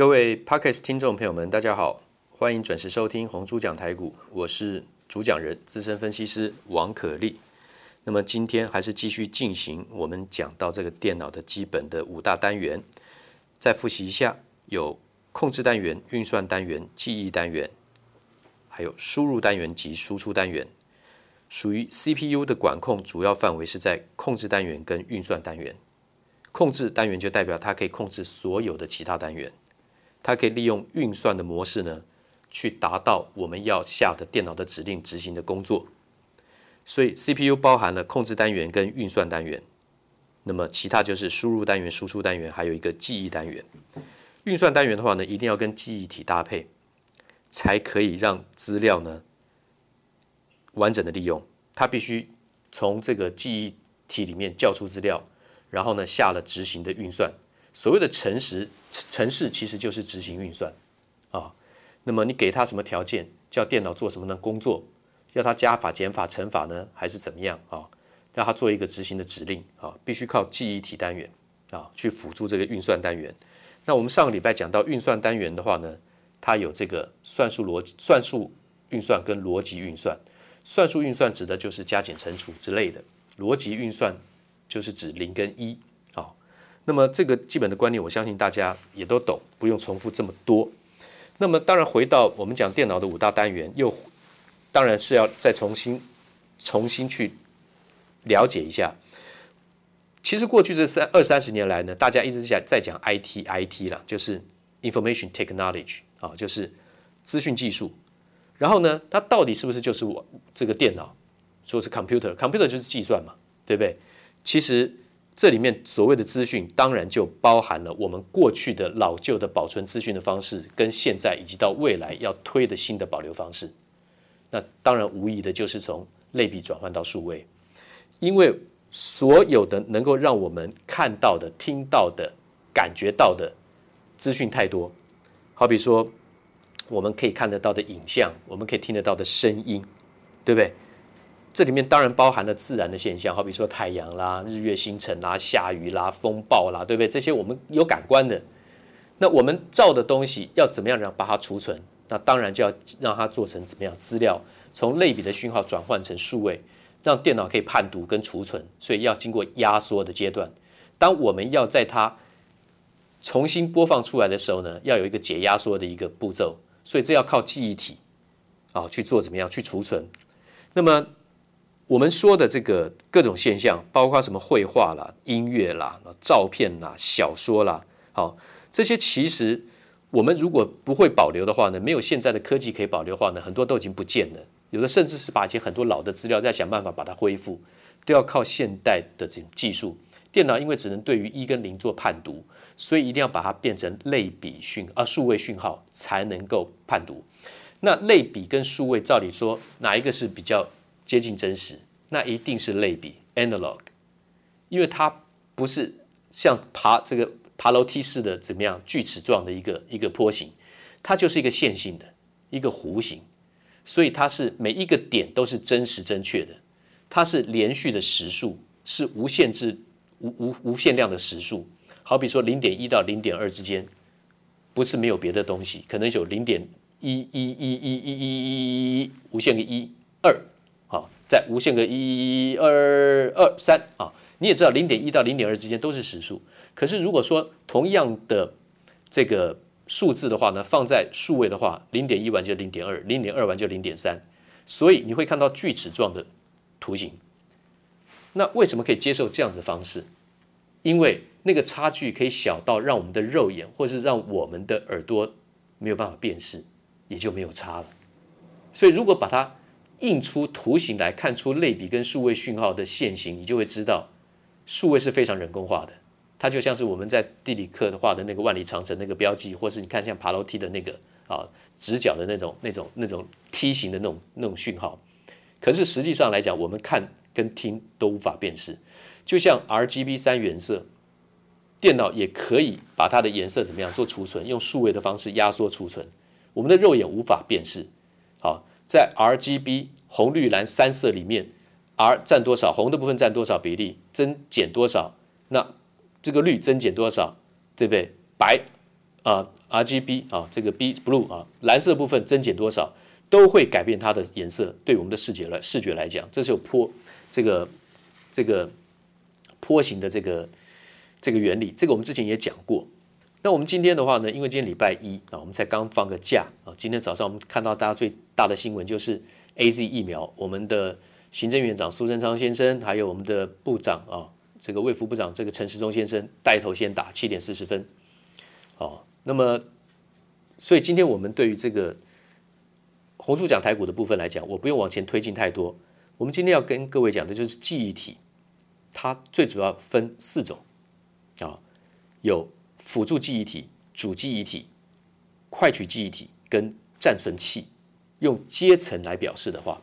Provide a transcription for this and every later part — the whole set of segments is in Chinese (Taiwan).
各位 Podcast 聽眾朋友們，大家好，歡迎準時收聽紅豬講台股，我是主講人資深分析師王可立。那麼今天還是繼續進行我們講到這個電腦的基本的五大單元，再復習一下，有控制單元、運算單元、記憶單元，還有輸入單元及輸出單元。屬於 CPU 的管控主要範圍是在控制單元跟運算單元。控制單元就代表它可以控制所有的其他單元。它可以利用運算的模式呢，去達到我們要下的電腦的指令執行的工作。所以 CPU 包含了控制單元跟運算單元，那麼其他就是輸入單元、輸出單元，還有一個記憶單元。運算單元的話呢，一定要跟記憶體搭配，才可以讓資料呢完整的利用。它必須從這個記憶體裡面叫出資料，然後呢下了執行的運算。所謂的程式程式，其實就是執行運算，啊，那麼你給他什麼條件，叫電腦做什麼呢？工作，要他加法、減法、乘法呢，還是怎麼樣啊？讓他做一個執行的指令啊，必須靠記憶體單元啊去輔助這個運算單元。那我們上個禮拜講到運算單元的話呢，它有這個算術邏輯、算術運算跟邏輯運算。算術運算指的就是加減乘除之類的，邏輯運算就是指零跟一。那麼這個基本的觀念，我相信大家也都懂，不用重複這麼多。那麼當然回到我們講電腦的五大單元，又當然是要再重新、重新去了解一下。其實過去這三二三十年來呢，大家一直在講 IT IT 啦，就是 Information Technology 啊，就是資訊技術。然後呢，它到底是不是就是我這個電腦？說是 Computer，Computer computer 就是計算嘛，對不對？其實。這裡面所謂的資訊，當然就包含了我們過去的老舊的保存資訊的方式，跟現在以及到未來要推的新的保留方式。那當然無疑的就是從類比轉換到數位，因為所有的能夠讓我們看到的、聽到的、感覺到的資訊太多，好比說我們可以看得到的影像，我們可以聽得到的聲音，對不對？這裡面當然包含了自然的現象，好比說太陽啦、日月星辰啦、下雨啦、風暴啦，對不對？這些我們有感官的。那我們造的東西要怎麼樣讓把它儲存？那當然就要讓它做成怎麼樣資料，從類比的訊號轉換成數位，讓電腦可以判讀跟儲存。所以要經過壓縮的階段。當我們要在它重新播放出來的時候呢，要有一個解壓縮的一個步驟。所以這要靠記憶體啊去做怎麼樣去儲存。那麼我們說的這個各種現象，包括什麼繪畫啦、音樂啦、照片啦、小說啦，好、哦，這些其實我們如果不會保留的話呢，沒有現在的科技可以保留的話呢，很多都已經不見了。有的甚至是把一些很多老的資料再想辦法把它恢復，都要靠現代的這種技術。電腦因為只能對於一跟零做判讀，所以一定要把它變成類比訊啊數位訊號才能夠判讀。那類比跟數位照理說，哪一個是比較？接近真實，那一定是類比 （analog），因為它不是像爬這個爬樓梯似的，怎麼樣鋸齒狀的一個一個波形，它就是一個線性的一個弧形，所以它是每一個點都是真實正確的，它是連續的實數，是無限制、無無無限量的實數。好比說零點一到零點二之間，不是沒有別的東西，可能有零點一一一一一一一無限個一二。在無限個一、二、二、三啊，你也知道，零點一到零點二之間都是實數。可是，如果說同樣的這個數字的話呢，放在數位的話，零點一完就零點二，零點二完就零點三，所以你會看到鋸齒狀的圖形。那為什麼可以接受這樣子的方式？因為那個差距可以小到讓我們的肉眼或是讓我們的耳朵沒有辦法辨識，也就沒有差了。所以，如果把它印出圖形來看出類比跟數位訊號的線型，你就會知道數位是非常人工化的。它就像是我們在地理課畫的那個萬里長城那個標記，或是你看像爬樓梯的那個啊直角的那種、那種、那種梯形的那種、那種訊號。可是實際上來講，我們看跟聽都無法辨識。就像 R G B 三原色，電腦也可以把它的顏色怎麼樣做儲存，用數位的方式壓縮儲存，我們的肉眼無法辨識。好。在 R G B 紅綠藍三色裡面，R 占多少，紅的部分占多少比例，增減多少？那這個綠增減多少，對不對？白啊、呃，R G B 啊，這個 B blue 啊，藍色部分增減多少，都會改變它的顏色。對我們的視覺來視覺來講，這是有波，這個這個波形的這個這個原理，這個我們之前也講過。那我們今天的話呢，因為今天禮拜一啊，我們才剛放個假啊。今天早上我們看到大家最大的新聞就是 AZ 疫苗，我們的行政院長蘇貞昌先生，還有我們的部長啊，這個衛福部長，這個陳時中先生帶頭先打七點四十分。哦、啊，那麼所以今天我們對於這個紅豬講台股的部分來講，我不用往前推進太多。我們今天要跟各位講的就是記憶體，它最主要分四種啊，有。輔助記憶體、主記憶體、快取記憶體跟暫存器，用階層來表示的話，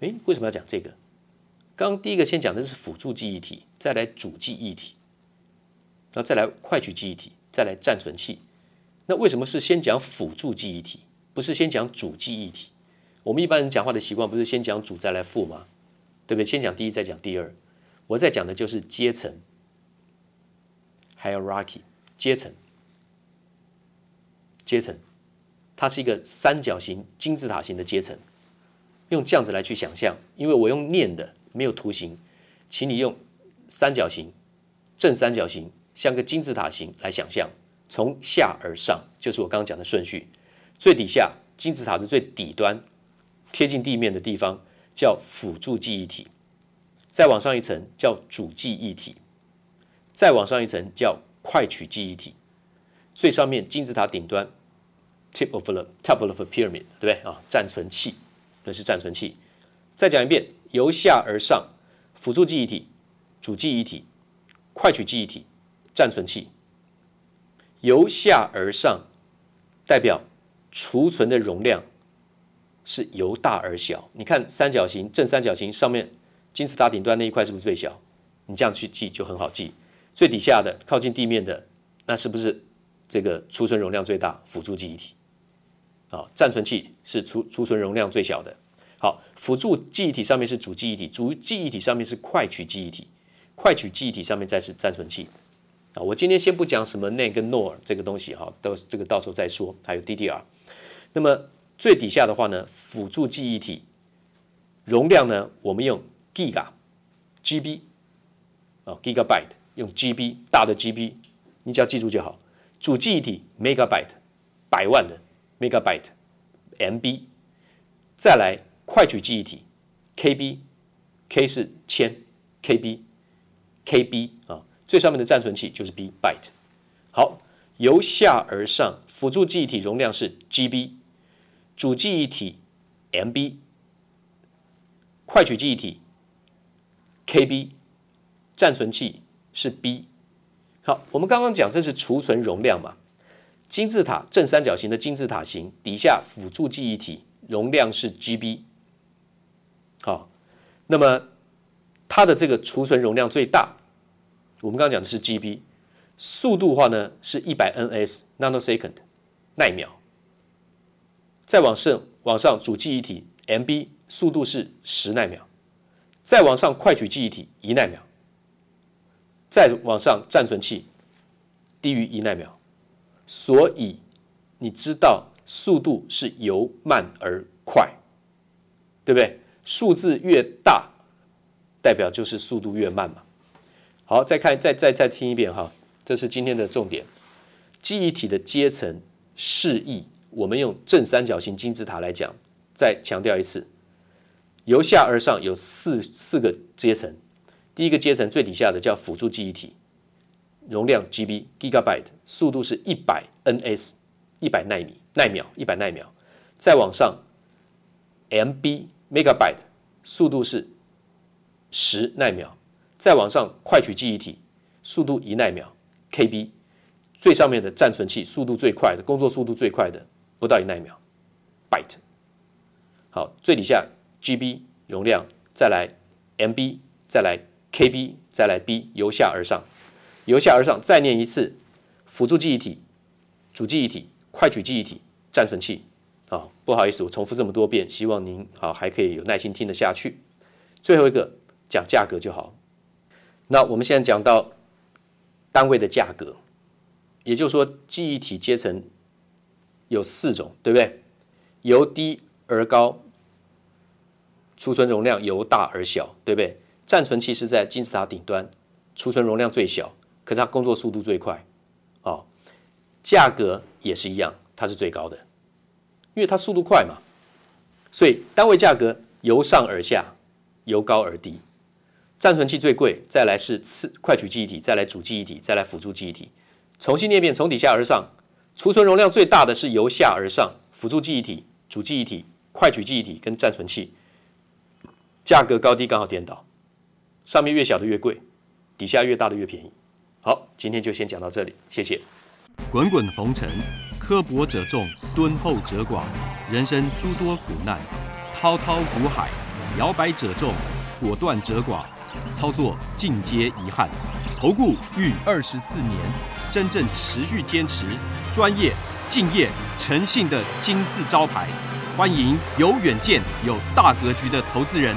誒、欸，為什麼要講這個？剛剛第一個先講的是輔助記憶體，再來主記憶體，那再來快取記憶體，再來暫存器。那為什麼是先講輔助記憶體，不是先講主記憶體？我們一般人講話的習慣不是先講主再來副嗎？對不對？先講第一再講第二。我在講的就是階層。Hierarchy 階層，階層，它是一個三角形、金字塔形的階層。用這樣子來去想象因為我用念的沒有圖形，請你用三角形、正三角形，像個金字塔形來想象從下而上，就是我剛剛講的順序。最底下，金字塔的最底端，貼近地面的地方叫輔助記憶體。再往上一層叫主記憶體。再往上一層叫快取記憶體，最上面金字塔頂端，tip of the top of a pyramid，對不對啊？暫存器，那是暫存器。再講一遍，由下而上，輔助記憶體、主記憶體、快取記憶體、暫存器，由下而上，代表儲存的容量是由大而小。你看三角形正三角形上面金字塔頂端那一塊是不是最小？你這樣去記就很好記。最底下的靠近地面的，那是不是這個儲存容量最大，輔助記憶體？啊，暫存器是儲儲存容量最小的。好，輔助記憶體上面是主記憶體，主記憶體上面是快取記憶體，快取記憶體上面再是暫存器。啊，我今天先不講什麼 NAND 跟 NOR 這個東西哈、啊，到這個到時候再說。還有 DDR，那麼最底下的話呢，輔助記憶體容量呢，我們用 Giga、GB 啊 Gigabyte。用 GB 大的 GB，你只要記住就好。主記憶體 Megabyte 百萬的 Megabyte MB，再來快取記憶體 KB K 是千 KB KB 啊，最上面的暫存器就是 B Byte。好，由下而上，輔助記憶體容量是 GB，主記憶體 MB，快取記憶體 KB，暫存器。是 B，好，我們剛剛講這是儲存容量嘛？金字塔正三角形的金字塔形底下輔助記憶體容量是 GB，好，那麼它的這個儲存容量最大，我們剛剛講的是 GB，速度的話呢是 100ns nanosecond 奈秒，再往上往上主記憶體 MB 速度是十奈秒，再往上快取記憶體一奈秒。再往上，暫存器低於一奈秒，所以你知道速度是由慢而快，對不對？數字越大，代表就是速度越慢嘛。好，再看，再再再聽一遍哈，這是今天的重點。記憶體的階層示意，我們用正三角形金字塔來講。再強調一次，由下而上有四四個階層。第一個階層最底下的叫輔助記憶體，容量 GB（gigabyte），速度是一百 ns，一百奈米，奈秒，一百奈秒。再往上，MB（megabyte），速度是十奈秒。再往上，快取記憶體，速度一奈秒。KB，最上面的暫存器，速度最快的，工作速度最快的，不到一奈秒。Byte，好，最底下 GB 容量，再來 MB，再來。KB，再來 B，由下而上，由下而上，再念一次：輔助記憶體、主記憶體、快取記憶體、暫存器。啊、哦，不好意思，我重複這麼多遍，希望您啊、哦，還可以有耐心聽得下去。最後一個講價格就好。那我們現在講到單位的價格，也就是說記憶體階層有四種，對不對？由低而高，儲存容量由大而小，對不對？暫存器是在金字塔頂端，儲存容量最小，可是它工作速度最快，哦，價格也是一樣，它是最高的，因為它速度快嘛，所以單位價格由上而下，由高而低，暫存器最貴，再來是次快取記憶體，再來主記憶體，再來輔助記憶體，重新裂變，從底下而上，儲存容量最大的是由下而上輔助記憶體、主記憶體、快取記憶體跟暫存器，價格高低剛好顛倒。上面越小的越貴，底下越大的越便宜。好，今天就先講到這裡，謝謝。滾滾紅塵，刻薄者眾，敦厚者寡。人生諸多苦難，滔滔苦海，搖擺者眾，果斷者寡。操作盡皆遺憾。投顧逾二十四年，真正持續堅持、專業、敬業、誠信的金字招牌。歡迎有遠見、有大格局的投資人。